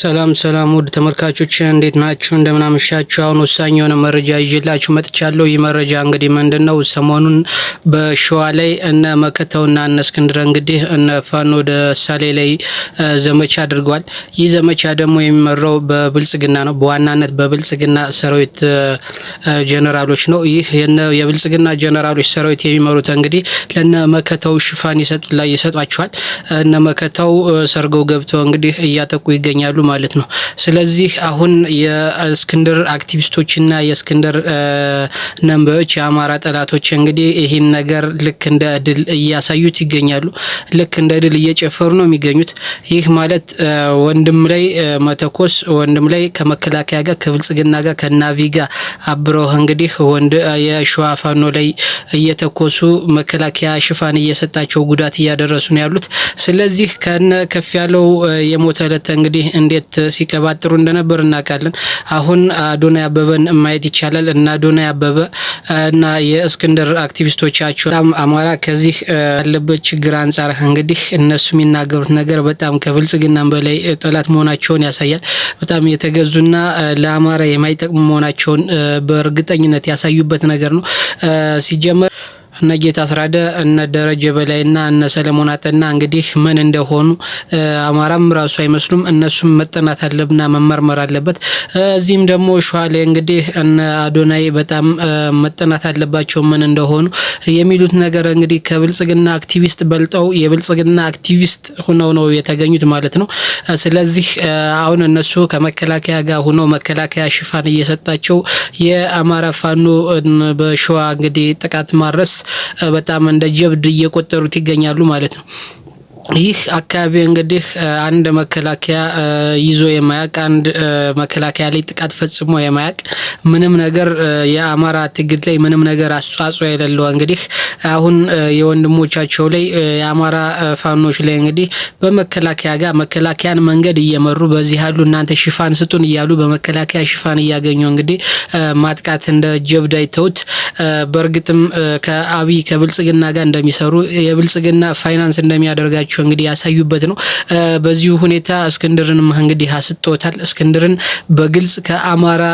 ሰላም ሰላም ውድ ተመልካቾች እንዴት ናችሁ? እንደምናመሻችሁ። አሁን ወሳኝ የሆነ መረጃ ይዤላችሁ መጥቻለሁ። ይህ መረጃ እንግዲህ ምንድን ነው? ሰሞኑን በሸዋ ላይ እነ መከተውና እነ እስክንድር እንግዲህ እነ ፋኖ ደሳሌ ላይ ዘመቻ አድርገዋል። ይህ ዘመቻ ደግሞ የሚመራው በብልጽግና ነው። በዋናነት በብልጽግና ሰራዊት ጀነራሎች ነው። ይህ የብልጽግና ጀነራሎች ሰራዊት የሚመሩት እንግዲህ ለነ መከተው ሽፋን ይሰጧቸዋል። እነ መከተው ሰርገው ገብተው እንግዲህ እያጠቁ ይገኛሉ። ማለት ነው። ስለዚህ አሁን የእስክንድር አክቲቪስቶችና የእስክንድር ነንበዮች የአማራ ጠላቶች እንግዲህ ይህን ነገር ልክ እንደ ድል እያሳዩት ይገኛሉ። ልክ እንደ ድል እየጨፈሩ ነው የሚገኙት። ይህ ማለት ወንድም ላይ መተኮስ ወንድም ላይ ከመከላከያ ጋር ከብልጽግና ጋር ከናቪ ጋር አብረው እንግዲህ ወንድ የሸዋ ፋኖ ላይ እየተኮሱ መከላከያ ሽፋን እየሰጣቸው ጉዳት እያደረሱ ነው ያሉት። ስለዚህ ከነ ከፍ ያለው የሞተ ዕለት እንግዲህ እንዴት ሲቀባጥሩ እንደነበር እናውቃለን። አሁን አዶናይ አበበን ማየት ይቻላል እና አዶናይ አበበ እና የእስክንድር አክቲቪስቶቻቸው በጣም አማራ ከዚህ ያለበት ችግር አንጻር እንግዲህ እነሱ የሚናገሩት ነገር በጣም ከብልጽግና በላይ ጠላት መሆናቸውን ያሳያል። በጣም የተገዙና ለአማራ የማይጠቅሙ መሆናቸውን በእርግጠኝነት ያሳዩበት ነገር ነው ሲጀመር እነ ጌታ አስራደ እነ ደረጀ በላይና እነ ሰለሞን አጠና እንግዲህ ምን እንደሆኑ አማራም ራሱ አይመስሉም። እነሱም መጠናት አለብና መመርመር አለበት። እዚህም ደግሞ ሸዋ ላይ እንግዲህ እነ አዶናይ በጣም መጠናት አለባቸው ምን እንደሆኑ የሚሉት ነገር እንግዲህ ከብልጽግና አክቲቪስት በልጠው የብልጽግና አክቲቪስት ሁነው ነው የተገኙት ማለት ነው። ስለዚህ አሁን እነሱ ከመከላከያ ጋር ሁነው መከላከያ ሽፋን እየሰጣቸው የአማራ ፋኖ በሸዋ እንግዲህ ጥቃት ማድረስ በጣም እንደ ጀብድ እየቆጠሩት ይገኛሉ ማለት ነው። ይህ አካባቢ እንግዲህ አንድ መከላከያ ይዞ የማያቅ አንድ መከላከያ ላይ ጥቃት ፈጽሞ የማያቅ ምንም ነገር የአማራ ትግል ላይ ምንም ነገር አስተዋጽኦ የሌለው እንግዲህ አሁን የወንድሞቻቸው ላይ የአማራ ፋኖች ላይ እንግዲህ በመከላከያ ጋር መከላከያን መንገድ እየመሩ በዚህ ያሉ እናንተ ሽፋን ስጡን እያሉ በመከላከያ ሽፋን እያገኙ እንግዲህ ማጥቃት እንደ ጀብድ አይተውት በእርግጥም ከአብይ ከብልጽግና ጋር እንደሚሰሩ የብልጽግና ፋይናንስ እንደሚያደርጋቸው እንግዲህ ያሳዩበት ነው። በዚሁ ሁኔታ እስክንድርንም እንግዲህ አስጥቶታል። እስክንድርን በግልጽ ከአማራ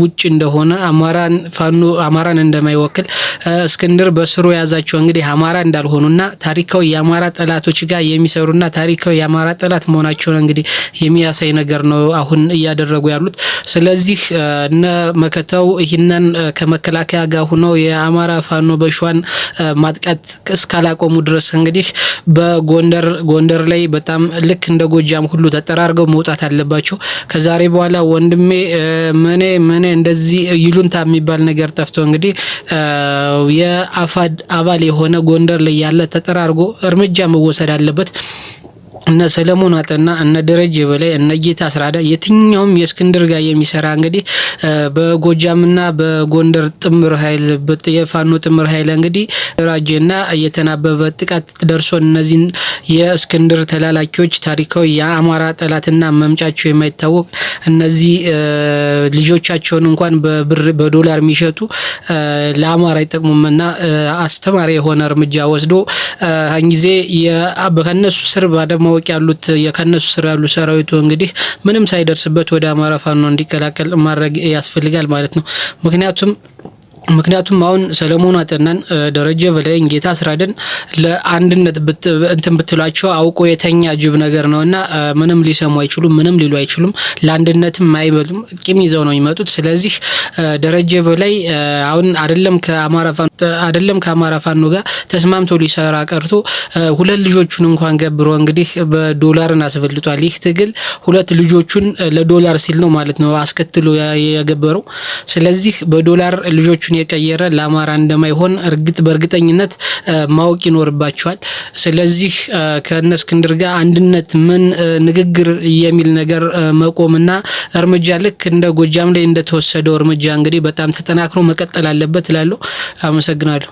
ውጭ እንደሆነ አማራን ፋኖ አማራን እንደማይወክል እስክንድር በስሩ የያዛቸው እንግዲህ አማራ እንዳልሆኑና ታሪካዊ የአማራ ጠላቶች ጋር የሚሰሩና ታሪካዊ የአማራ ጠላት መሆናቸውን እንግዲህ የሚያሳይ ነገር ነው አሁን እያደረጉ ያሉት። ስለዚህ እነ መከተው ይህንን ከመከላከያ ጋር ነው። የአማራ ፋኖ በሸዋን ማጥቃት እስካላቆሙ ድረስ እንግዲህ በጎንደር ጎንደር ላይ በጣም ልክ እንደ ጎጃም ሁሉ ተጠራርገው መውጣት አለባቸው። ከዛሬ በኋላ ወንድሜ ምኔ ምኔ እንደዚህ ይሉንታ የሚባል ነገር ጠፍቶ እንግዲህ የአፋድ አባል የሆነ ጎንደር ላይ ያለ ተጠራርጎ እርምጃ መወሰድ አለበት። እነ ሰለሞን አጠና እነ ደረጀ በላይ እነ ጌታ አስራዳ የትኛውም የእስክንድር ጋር የሚሰራ እንግዲህ በጎጃምና በጎንደር ጥምር ኃይል የፋኖ ጥምር ኃይል እንግዲህ ራጀና እየተናበበ ጥቃት ደርሶ እነዚህን የእስክንድር ተላላኪዎች ታሪካዊ የአማራ ጠላትና መምጫቸው የማይታወቅ እነዚህ ልጆቻቸውን እንኳን በብር በዶላር የሚሸጡ ለአማራ አይጠቅሙምና አስተማሪ የሆነ እርምጃ ወስዶ አን ጊዜ ከነሱ ስር ባለማወቅ ያሉት ከነሱ ስር ያሉ ሰራዊቱ እንግዲህ ምንም ሳይደርስበት ወደ አማራ ፋኖ እንዲቀላቀል ማድረግ ያስፈልጋል ማለት ነው። ምክንያቱም ምክንያቱም አሁን ሰለሞን አጠናን ደረጀ በላይን ጌታ አስራደን ለአንድነት እንትን ብትሏቸው አውቆ የተኛ ጅብ ነገር ነው እና ምንም ሊሰሙ አይችሉም፣ ምንም ሊሉ አይችሉም። ለአንድነትም አይበሉም፣ ቂም ይዘው ነው የሚመጡት። ስለዚህ ደረጀ በላይ አሁን አይደለም ከአማራ አይደለም ከአማራ ፋኖ ጋር ተስማምቶ ሊሰራ ቀርቶ ሁለት ልጆቹን እንኳን ገብሮ እንግዲህ በዶላርን አስፈልጧል። ይህ ትግል ሁለት ልጆቹን ለዶላር ሲል ነው ማለት ነው አስከትሎ የገበረው። ስለዚህ በዶላር ልጆቹን የቀየረ ለአማራ እንደማይሆን እርግጥ በእርግጠኝነት ማወቅ ይኖርባቸዋል። ስለዚህ ከነ እስክንድር ጋር አንድነት ምን ንግግር የሚል ነገር መቆምና እርምጃ ልክ እንደ ጎጃም ላይ እንደተወሰደው እርምጃ እንግዲህ በጣም ተጠናክሮ መቀጠል አለበት እላለሁ። አመሰግናለሁ።